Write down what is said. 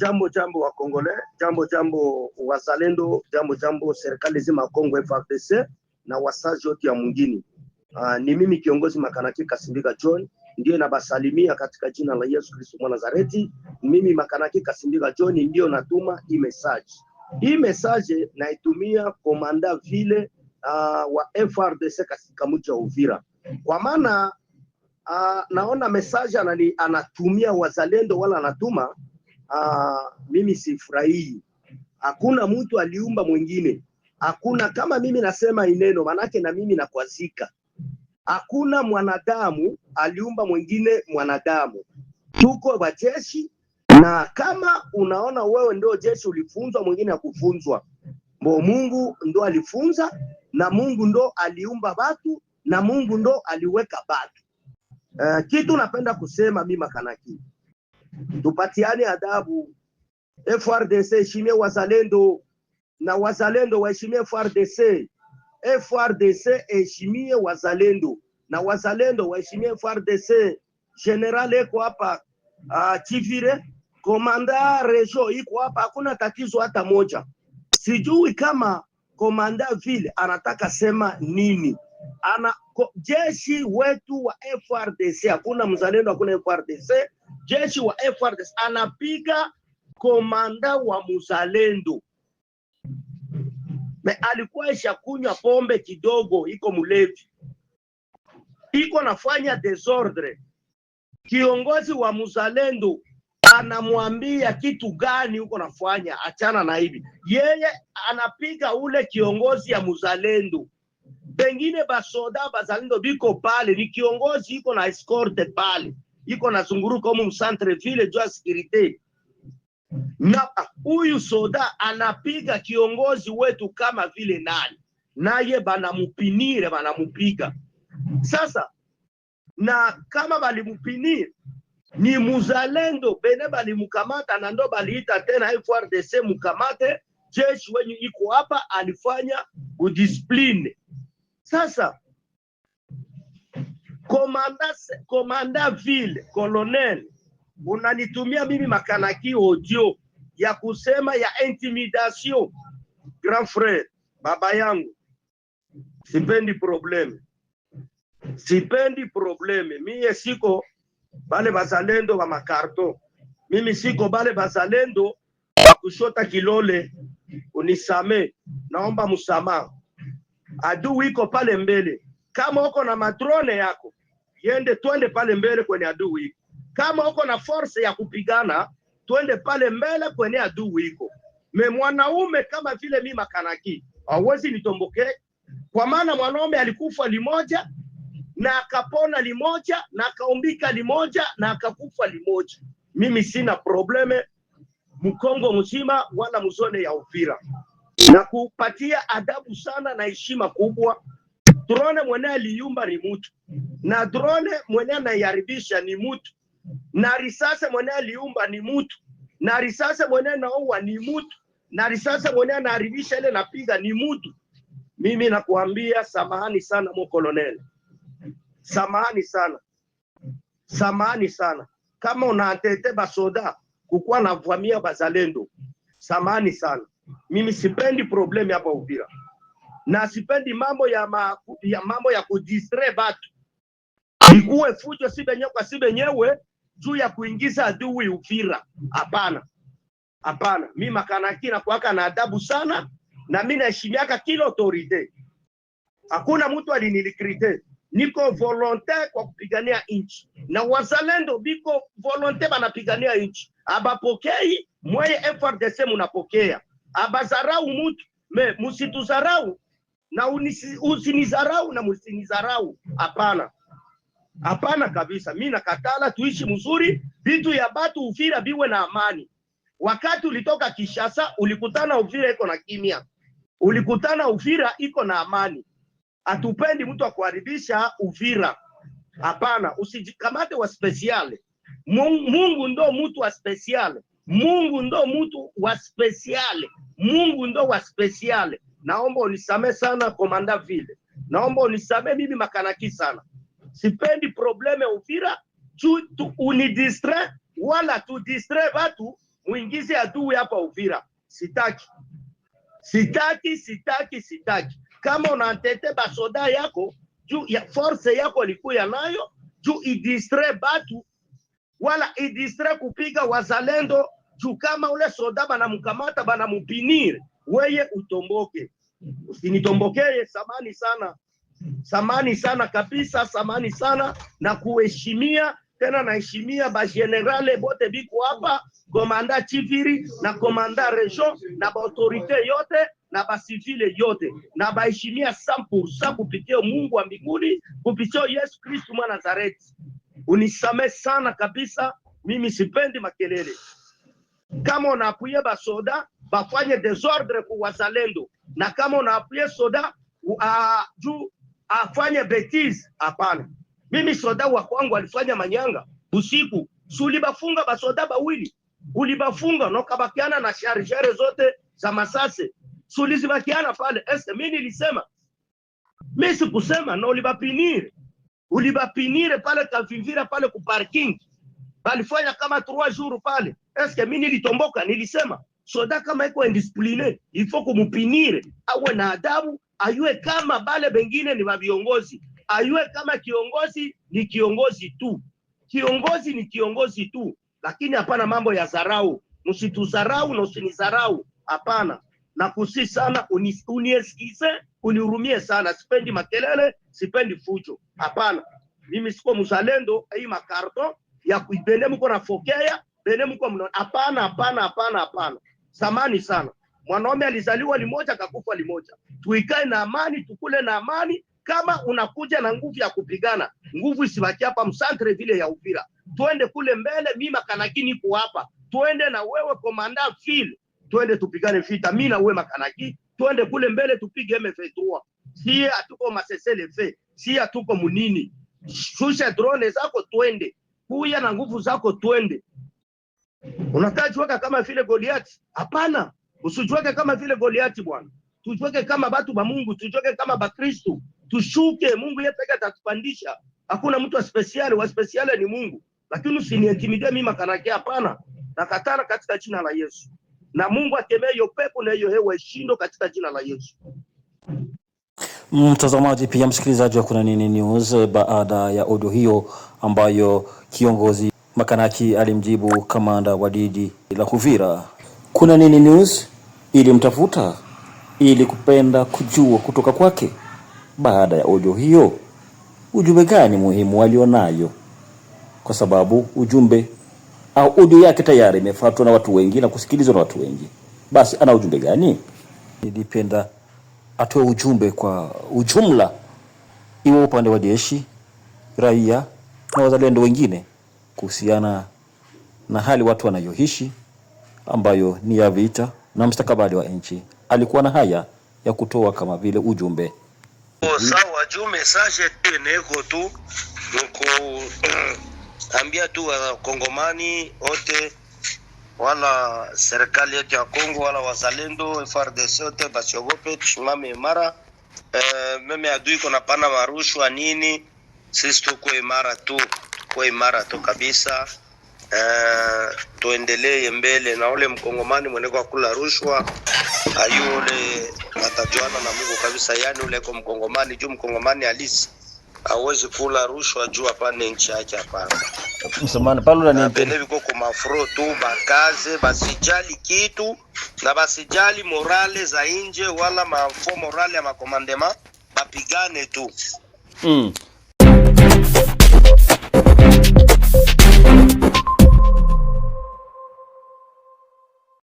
Jambo jambo wa Kongole, jambo jambo wazalendo, jambo jambo serikali zima Kongo FARDC na wasazi wote ya mwingine. Uh, ah, ni mimi kiongozi Makanaki Kasimbika John ndiyo nabasalimia katika jina la Yesu Kristo mwa Nazareti. Mimi Makanaki Kasimbika John ndiyo natuma hii message. Hii message naitumia komanda vile uh, wa FARDC katika mji wa Uvira kwa maana uh, naona message anani, anatumia wazalendo wala anatuma Ah, mimi sifurahii. Hakuna mtu aliumba mwingine, hakuna kama mimi nasema ineno, manake na mimi nakwazika. Hakuna mwanadamu aliumba mwingine mwanadamu, tuko wa jeshi na kama unaona wewe ndio jeshi ulifunzwa, mwingine akufunzwa Mbo Mungu ndo alifunza na Mungu ndo aliumba watu na Mungu ndo aliweka watu. Uh, kitu napenda kusema mimi Makanaki tupatiane adabu. FRDC heshimie wazalendo na wazalendo waheshimie FRDC. FRDC heshimie wazalendo na wazalendo waheshimie FRDC. General eko hapa uh, Chivire, komanda rejo iko hapa, hakuna tatizo hata moja. Sijui kama komanda vile anataka sema nini ana ko, jeshi wetu wa FRDC, hakuna mzalendo, hakuna FRDC jeshi wa FARDC anapiga komanda wa muzalendo me alikuwa ishakunywa pombe kidogo, iko mulevi, iko nafanya desordre. Kiongozi wa muzalendo anamwambia kitu gani uko nafanya, achana na hivi. Yeye anapiga ule kiongozi ya muzalendo, pengine basoda bazalendo biko pale, ni kiongozi iko na escort pale iko nazunguruka humu msantre vile jua sikirite na huyu soda anapiga kiongozi wetu kama vile nani, naye banamupinire banamupiga. Sasa na kama balimupinire ni muzalendo bene balimukamata, na ndo baliita tena FRDC mukamate jeshi wenye iko hapa, alifanya udiscipline. Sasa komanda, komanda ville colonel, unanitumia mimi makanaki audio ya kusema ya intimidation. Grand frere, baba yangu, sipendi probleme, sipendi probleme. Mie siko bale bazalendo ba makarto, mimi siko bale bazalendo ba kushota kilole. Unisame, naomba msamaha. Adui iko pale mbele, kama uko na matrone yako yende, twende pale mbele kwenye adui iko. Kama uko na force ya kupigana, twende pale mbele kwenye adui iko. Me mwanaume kama vile mi makanaki hawezi nitombokee, kwa maana mwanaume alikufa limoja na akapona limoja na akaumbika limoja na akakufa limoja. Mimi sina probleme Mkongo mzima wala mzone ya upira na kupatia adabu sana na heshima kubwa drone mwenye aliumba ni mtu, na drone mwenye anaiharibisha ni mtu, na risasi mwenye aliumba ni mtu, na risasi mwenye anaua ni mtu, na risasi mwenye anaharibisha ile napiga ni mtu. Mimi nakuambia samahani sana, mo kolonel, samahani sana, samahani sana. Kama unaatete basoda kukuwa navamia bazalendo, samahani sana. Mimi sipendi problemi hapa Uvira na sipendi mambo ya, ma, ya mambo ya kudistre batu ah. ikuwe fujo si benyewe kwa si benyewe juu ya kuingiza adui Uvira. Hapana, hapana, mi makanaki nakuaka na adabu sana, na mi naheshimiaka kila autorite. Hakuna mtu alinilikrite, niko volonte kwa kupigania nchi, na wazalendo biko volonte banapigania nchi. Abapokei mweye FRDC munapokea, abazarau mutu me musituzarau na usinizarau na msinizarau. Hapana, hapana kabisa, mi nakatala. Tuishi mzuri, vitu ya batu Uvira biwe na amani. Wakati ulitoka Kishasa ulikutana Uvira iko na kimya, ulikutana Uvira iko na amani. Hatupendi mtu akuharibisha Uvira, hapana. Usijikamate wa spesiale. Mungu ndo mtu wa speciale. Mungu ndo mtu wa speciale. Mungu ndo wa speciale naomba unisamee sana komanda vile, naomba unisamee mimi makanaki sana, sipendi probleme Uvira tu, tu unidistre wala tu distre batu muingize adui hapa Uvira. Sitaki, sitaki, sitaki, sitaki. Kama unantete basoda yako juu ya force yako likuya nayo juu idistre batu wala idistre kupiga wazalendo juu kama ule soda banamukamata banamupinire weye utomboke, usinitombokee. Samani sana, samani sana kabisa, samani sana na kuheshimia tena naheshimia bagenerale bote biko hapa, komanda chiviri na komanda region na baautorite yote na basivile yote na baheshimia sampusa kupitia Mungu wa mbinguni kupitia Yesu Kristu mwa Nazareti. Unisamee sana kabisa, mimi sipendi makelele. Kama unapuye basoda bafanye desordre ku wazalendo, na kama unaaplie soda uh, juu afanye betize, hapana. Mimi soda wa kwangu alifanya manyanga usiku, si ulibafunga basoda bawili, ulibafunga nokabakiana na sharjere zote za masase, si pale este. Mi nilisema mi sikusema, na ulibapinire, ulibapinire pale kavivira pale parking balifanya kama trois jours pale. Eske mi nilitomboka? Nilisema soda kama iko indiscipline ifo kumupinire, awe na adabu, ayue kama bale bengine ni vaviongozi, ayue kama kiongozi ni kiongozi tu, kiongozi ni kiongozi tu, lakini hapana mambo ya zarau. Msituzarau na usinizarau, hapana. Nakusi sana uniesikize, unihurumie sana. Sipendi makelele, sipendi fujo, hapana. Mimi siko mzalendo, hii makarto ya kuibende mko nafokea bene mko mnaona, hapana, hapana, hapana, hapana zamani sana. Mwanaume alizaliwa limoja akakufa limoja. Tuikae na amani, tukule na amani. Kama unakuja na nguvu ya kupigana, nguvu isibaki hapa msantre vile ya Uvira, twende kule mbele. mi makanaki niko hapa, twende na wewe komanda fil, twende tupigane vita, mimi na wewe Makanaki, twende kule mbele tupige M23. Si hatuko masesele fe, si hatuko munini. Shusha drone zako twende, kuya na nguvu zako twende Unakaa kama vile Goliati? Hapana, usijiweke kama vile Goliati bwana. Tujiweke kama batu ba Mungu, tujiweke kama ba Kristo. Tushuke, Mungu yeye pekee atakupandisha. Hakuna mtu wa speciali, wa speciali ni Mungu. Lakini usiniintimidie mimi makanake, hapana. Nakatana katika jina la Yesu. Na Mungu akemee hiyo pepo na hiyo hewa ishindo katika jina la Yesu. Mtazamaji pia msikilizaji wa Kuna Nini News, baada ya audio hiyo ambayo kiongozi Makanaki alimjibu kamanda wa jiji la Uvira, kuna nini news ilimtafuta ili kupenda kujua kutoka kwake baada ya ojo hiyo ujumbe gani muhimu alionayo, kwa sababu ujumbe au audio yake tayari imefuatwa na watu wengi na kusikilizwa na watu wengi. Basi ana ujumbe gani? Nilipenda atoe ujumbe kwa ujumla, iwe upande wa jeshi, raia na wazalendo wengine kuhusiana na hali watu wanayoishi ambayo ni ya vita na mstakabali wa nchi. Alikuwa na haya ya kutoa kama vile ujumbe sawa jume sashe teneko tu nikuambia tu eh, wakongomani wote wala serikali yetu ya Kongo wala wazalendo FARDC wote basiogope, tusimame imara. E, meme adui kona pana marushwa nini, sisi tuko imara tu kuwa imara tu kabisa. Uh, tuendelee mbele na ule mkongomani kwa kula rushwa ayu atajuana na Mungu kabisa, yani ule mkongomani juu mkongomani alisi awezi kula rushwa juu apane nchi yake hapana. Msomani pale viko kwa mafro tu bakaze, basijali kitu na basijali morale za nje wala mafo morale ya makomandema, bapigane tu mm.